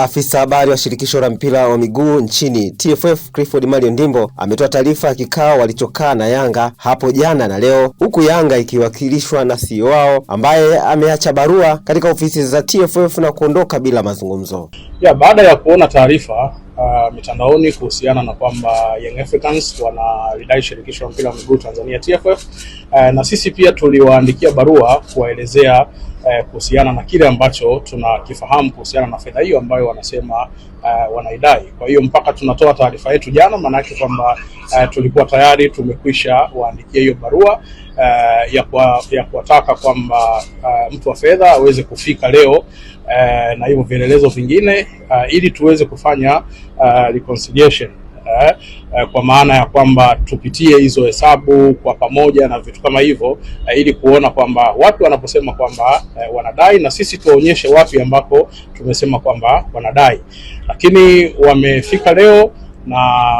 Afisa habari wa shirikisho la mpira wa miguu nchini TFF Clifford Mario Ndimbo ametoa taarifa ya kikao walichokaa na Yanga hapo jana na leo, huku Yanga ikiwakilishwa na CEO wao ambaye ameacha barua katika ofisi za TFF na kuondoka bila mazungumzo. Ya, baada ya kuona taarifa uh, mitandaoni kuhusiana na kwamba Young Africans wanalidai shirikisho la mpira wa miguu Tanzania TFF, uh, na sisi pia tuliwaandikia barua kuwaelezea eh, kuhusiana na kile ambacho tunakifahamu kuhusiana na fedha hiyo ambayo wanasema eh, wanaidai. Kwa hiyo mpaka tunatoa taarifa yetu jana, maana yake kwamba eh, tulikuwa tayari tumekwisha waandikia hiyo barua eh, ya kwa, ya kuwataka kwamba eh, mtu wa fedha aweze kufika leo eh, na hivyo vielelezo vingine eh, ili tuweze kufanya eh, reconciliation eh, eh, kwa maana ya kwamba tupitie hizo hesabu kwa pamoja na vitu kama hivyo eh, ili kuona kwamba watu wanaposema kwamba eh, wanadai na sisi tuwaonyeshe wapi ambapo tumesema kwamba wanadai, lakini wamefika leo na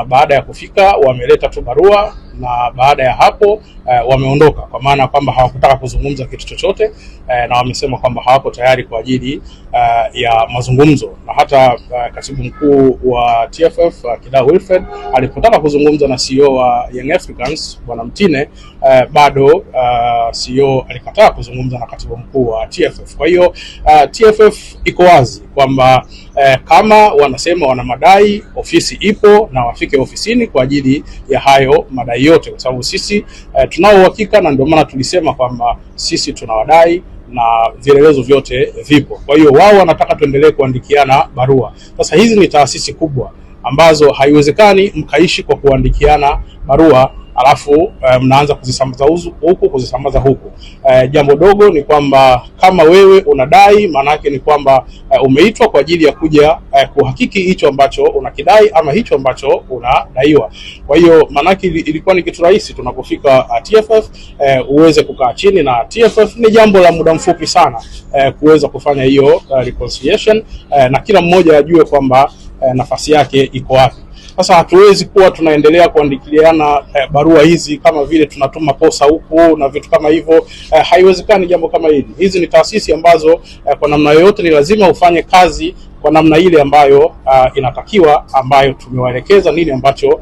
baada ya kufika wameleta tu barua na baada ya hapo eh, wameondoka kwa maana kwamba hawakutaka kuzungumza kitu chochote eh, na wamesema kwamba hawako tayari kwa ajili eh, ya mazungumzo. Na hata eh, katibu mkuu wa TFF eh, Wilfred alipotaka kuzungumza na CEO wa Young Africans bwana Mtine eh, bado eh, CEO alikataa kuzungumza na katibu mkuu wa TFF. Kwa hiyo eh, TFF iko wazi kwamba eh, kama wanasema wana madai, ofisi ipo na wafike ofisini kwa ajili ya hayo madai yote, kwa sababu sisi eh, tunao uhakika na ndio maana tulisema kwamba sisi tunawadai na vielelezo vyote vipo. Kwa hiyo wao wanataka tuendelee kuandikiana barua. Sasa hizi ni taasisi kubwa ambazo haiwezekani mkaishi kwa kuandikiana barua alafu eh, mnaanza kuzisambaza huku kuzisambaza huku. Uh, jambo dogo ni kwamba kama wewe unadai, maana yake ni kwamba uh, umeitwa kwa ajili ya kuja uh, kuhakiki hicho ambacho unakidai ama hicho ambacho unadaiwa. Kwa hiyo maana yake ilikuwa ni kitu rahisi tunapofika TFF uh, uweze kukaa chini na TFF. Ni jambo la muda mfupi sana uh, kuweza kufanya hiyo uh, reconciliation uh, na kila mmoja ajue kwamba uh, nafasi yake iko wapi. Sasa hatuwezi kuwa tunaendelea kuandikiliana eh, barua hizi kama vile tunatuma posa huku na vitu kama hivyo eh, haiwezekani jambo kama hili. Hizi ni taasisi ambazo eh, kwa namna yoyote ni lazima ufanye kazi kwa namna ile ambayo uh, inatakiwa ambayo tumewaelekeza nini ambacho uh,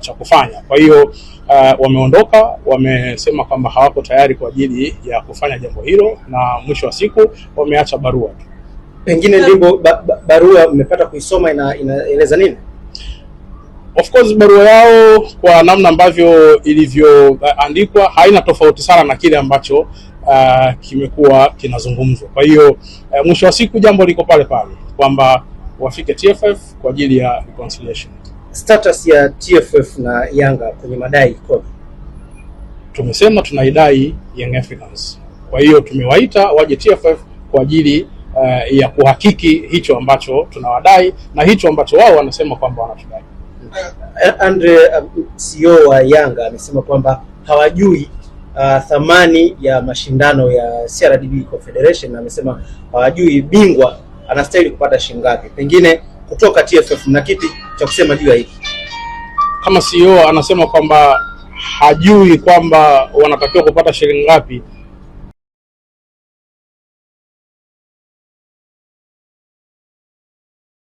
cha kufanya. Kwa hiyo uh, wameondoka, wamesema kwamba hawako tayari kwa ajili ya kufanya jambo hilo, na mwisho wa siku wameacha barua Pengine ndipo ba, ba, barua mmepata kuisoma, inaeleza ina nini? Of course barua yao kwa namna ambavyo ilivyoandikwa haina tofauti sana na kile ambacho uh, kimekuwa kinazungumzwa. Kwa hiyo uh, mwisho wa siku jambo liko pale pale kwamba wafike TFF kwa ajili ya reconciliation. Status ya TFF na Yanga kwenye madai iko, tumesema tunaidai Young Africans, kwa hiyo tumewaita waje TFF kwa ajili uh, ya kuhakiki hicho ambacho tunawadai na hicho ambacho wao wanasema kwamba wanatudai. Eh, Andre um, CEO wa Yanga amesema kwamba hawajui uh, thamani ya mashindano ya CRDB Confederation, na amesema hawajui bingwa anastahili kupata shilingi ngapi. Pengine kutoka TFF na kiti cha kusema juu ya hiki? Kama CEO anasema kwamba hajui kwamba wanatakiwa kupata shilingi ngapi